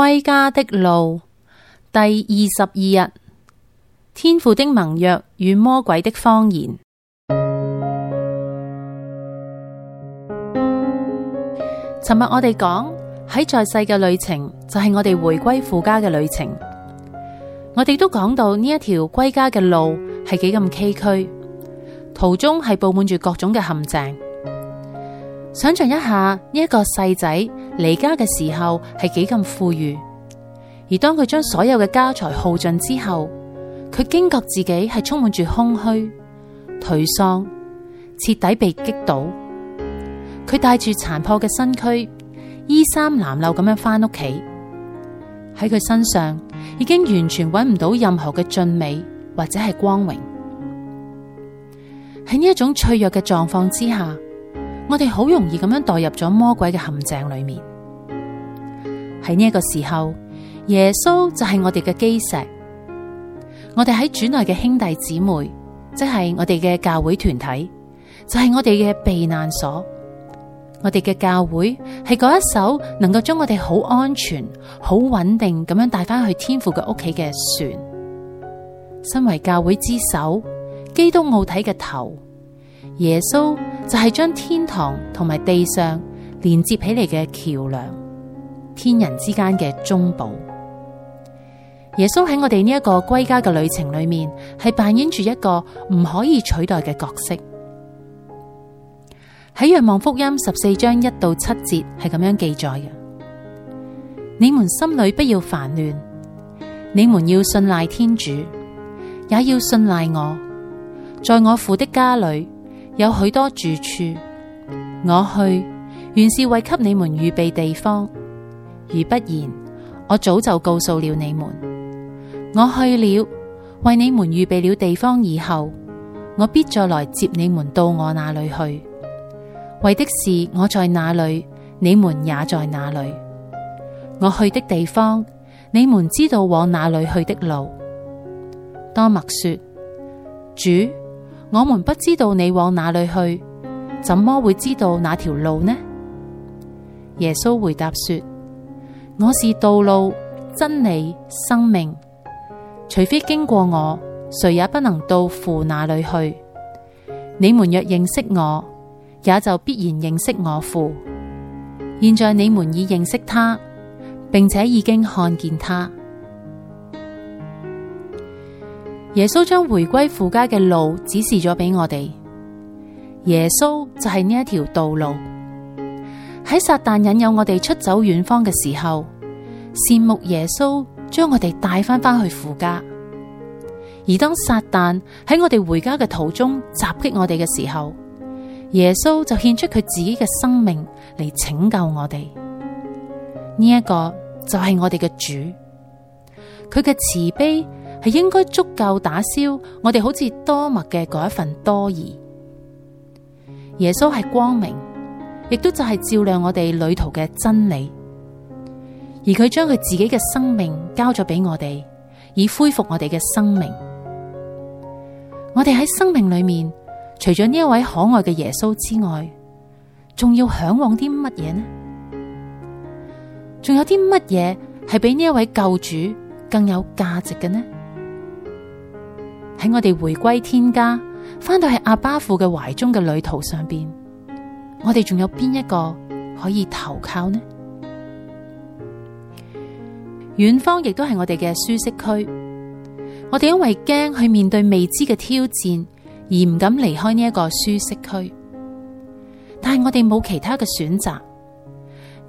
歸家的路，第二十二日，天父的盟約與魔鬼的謊言。尋日我哋講喺在世嘅旅程就係我哋回歸父家嘅旅程，我哋都講到呢一條歸家嘅路係幾咁崎嶇，途中係布滿住各種嘅陷阱。想象一下呢一個細仔。離家嘅時候係幾咁富裕，而當佢將所有嘅家財耗盡之後，佢驚覺自己係充滿住空虛、頹喪，徹底被擊倒。佢帶住殘破嘅身軀，衣衫襤褸咁樣翻屋企，喺佢身上已經完全揾唔到任何嘅俊美或者係光榮。喺呢一種脆弱嘅狀況之下，我哋好容易咁樣墮入咗魔鬼嘅陷阱裏面。喺呢一個時候，耶穌就係我哋嘅基石，我哋喺主內嘅兄弟姊妹，即係我哋嘅教會團體，就係我哋嘅避難所。我哋嘅教會係嗰一艘能夠將我哋好安全、好穩定咁樣帶翻去天父嘅屋企嘅船。身為教會之首、基督奧體嘅頭，耶穌就係將天堂同埋地上連接起嚟嘅橋樑。天人之間嘅中保，耶穌喺我哋呢一個歸家嘅旅程裏面，係扮演住一個唔可以取代嘅角色。喺《若望福音》十四章一到七節係咁樣記載嘅：你們心裏不要煩亂，你們要信賴天主，也要信賴我，在我父的家裏有許多住處，我去原是為給你們預備地方。如不然，我早就告訴了你們。我去了，為你們預備了地方以後，我必再來接你們到我那裡去，為的是我在那裡，你們也在那裡。我去的地方，你們知道往那裡去的路。多默說：主，我們不知道你往那裡去，怎麼會知道那條路呢？耶穌回答說：我是道路、真理、生命，除非經過我，誰也不能到父那裏去。你們若認識我，也就必然認識我父。現在你們已認識他，並且已經看見他。耶穌將回歸父家嘅路指示咗俾我哋，耶穌就係呢一條道路。喺撒旦引誘我哋出走遠方嘅時候，善牧耶穌將我哋帶翻翻去父家；而當撒旦喺我哋回家嘅途中襲擊我哋嘅時候，耶穌就獻出佢自己嘅生命嚟拯救我哋。呢、這、一個就係我哋嘅主，佢嘅慈悲係應該足夠打消我哋好似多默嘅嗰一份多疑。耶穌係光明。亦都就係照亮我哋旅途嘅真理，而佢將佢自己嘅生命交咗俾我哋，以恢復我哋嘅生命。我哋喺生命裏面，除咗呢一位可愛嘅耶穌之外，仲要嚮往啲乜嘢呢？仲有啲乜嘢係比呢一位救主更有價值嘅呢？喺我哋回歸天家，翻到喺阿爸父嘅懷中嘅旅途上邊。我哋仲有邊一個可以投靠呢？遠方亦都係我哋嘅舒適區，我哋因為驚去面對未知嘅挑戰而唔敢離開呢一個舒適區，但係我哋冇其他嘅選擇。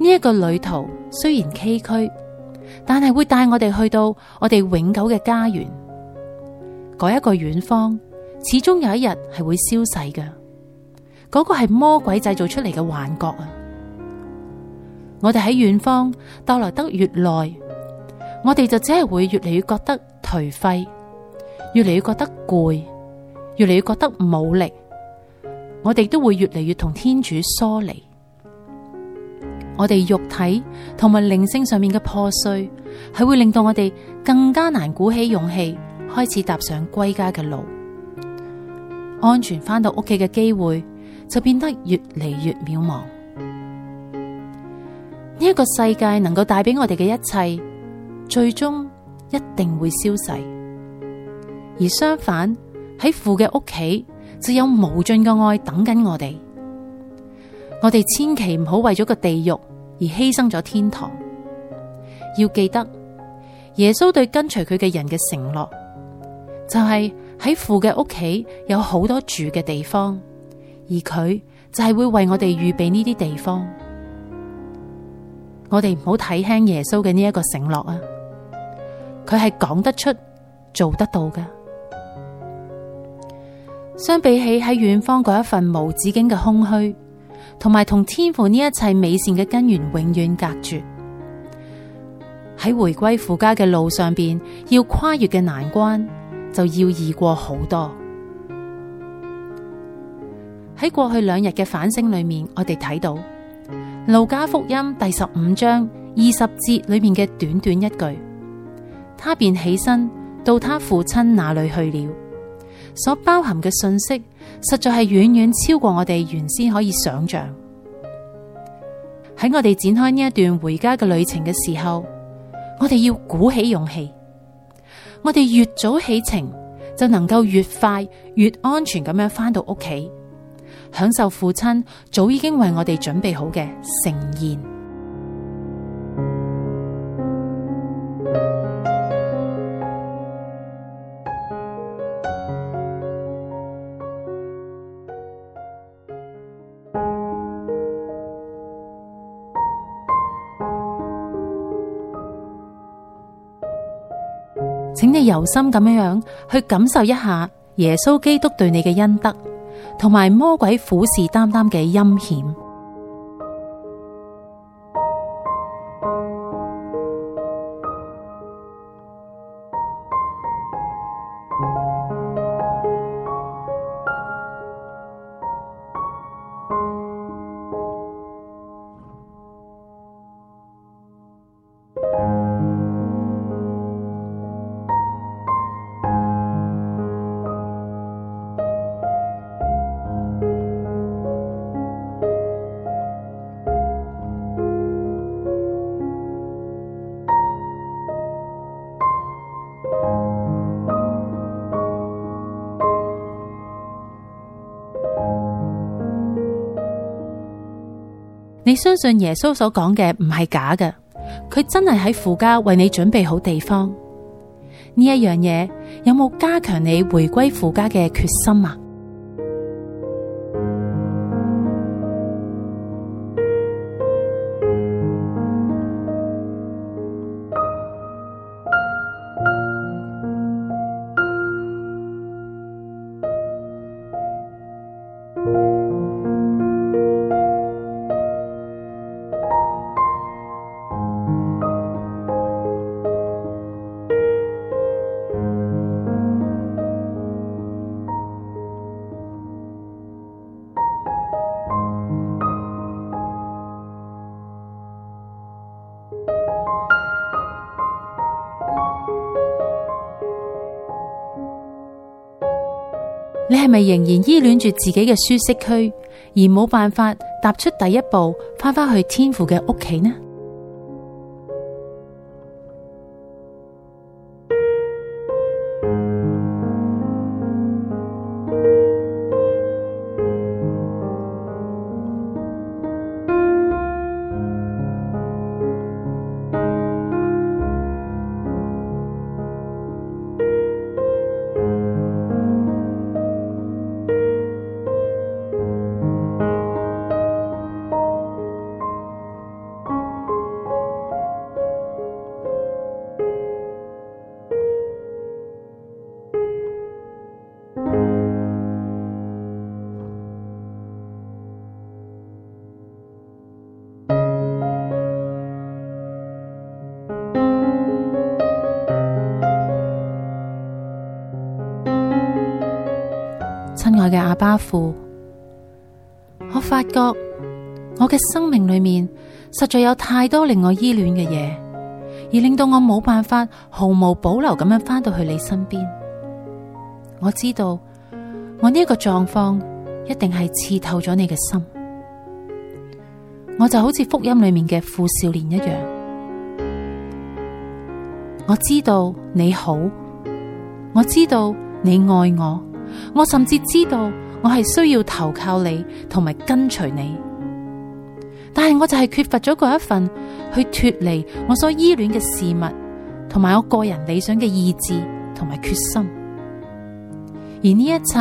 呢一個旅途雖然崎嶇，但係會帶我哋去到我哋永久嘅家園。嗰一個遠方，始終有一日係會消逝嘅。嗰個係魔鬼製造出嚟嘅幻覺啊！我哋喺遠方逗留得越耐，我哋就只係會越嚟越覺得頹廢，越嚟越覺得攰，越嚟越覺得冇力。我哋都會越嚟越同天主疏離。我哋肉體同埋靈性上面嘅破碎，係會令到我哋更加難鼓起勇氣開始踏上歸家嘅路，安全翻到屋企嘅機會，就變得越嚟越渺茫。呢一個世界能夠帶俾我哋嘅一切，最終一定會消逝。而相反喺父嘅屋企，就有無盡嘅愛等緊我哋。我哋千祈唔好為咗個地獄而犧牲咗天堂。要記得，耶穌對跟隨佢嘅人嘅承諾，就係喺父嘅屋企有好多住嘅地方。而佢就係會為我哋預備呢啲地方，我哋唔好睇輕耶穌嘅呢一個承諾啊！佢係講得出、做得到噶。相比起喺遠方嗰一份無止境嘅空虛，同埋同天父呢一切美善嘅根源永遠隔絕，喺回歸父家嘅路上邊，要跨越嘅難關就要易過好多。喺過去兩日嘅反省裏面，我哋睇到路加福音第十五章二十節裏面嘅短短一句，他便起身到他父親那裏去了。所包含嘅信息實在係遠遠超過我哋原先可以想象。喺我哋展開呢一段回家嘅旅程嘅時候，我哋要鼓起勇氣，我哋越早起程就能夠越快越安全咁樣翻到屋企。享受父親早已經為我哋準備好嘅盛宴， 請你由心咁樣樣去感受一下耶穌基督對你嘅恩德。同埋魔鬼虎視眈眈嘅陰險。你相信耶穌所講嘅唔係假嘅，佢真係喺父家為你準備好地方。呢一樣嘢有冇加強你回歸父家嘅決心啊？你係咪仍然依戀住自己嘅舒適區，而冇辦法踏出第一步，翻返去天父嘅屋企呢？嘅阿爸父，我發覺我嘅生命裏面實在有太多令我依戀嘅嘢，而令到我冇辦法毫無保留咁樣翻到去你身邊。我知道我呢一個狀況一定係刺透咗你嘅心，我就好似福音裏面嘅富少年一樣。我知道你好，我知道你愛我。我甚至知道我係需要投靠你同埋跟隨你，但係我就係缺乏咗嗰一份去脫離我所依戀嘅事物同埋我個人理想嘅意志同埋決心，而呢一切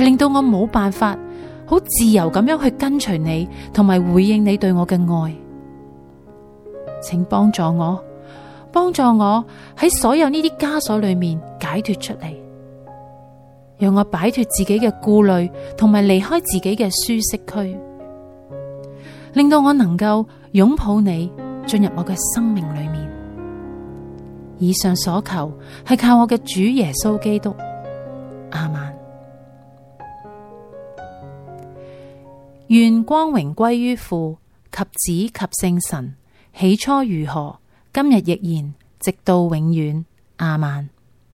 係令到我冇辦法好自由咁樣去跟隨你同埋回應你對我嘅愛，請幫助我，幫助我喺所有呢啲枷鎖裏面解脫出嚟。讓我擺脱自己嘅顧慮，同埋離開自己嘅舒適區，令到我能夠擁抱你，進入我嘅生命裏面。以上所求係靠我嘅主耶穌基督。亞孟，願光榮歸於父及子及聖神，起初如何，今日亦然，直到永遠。亞孟。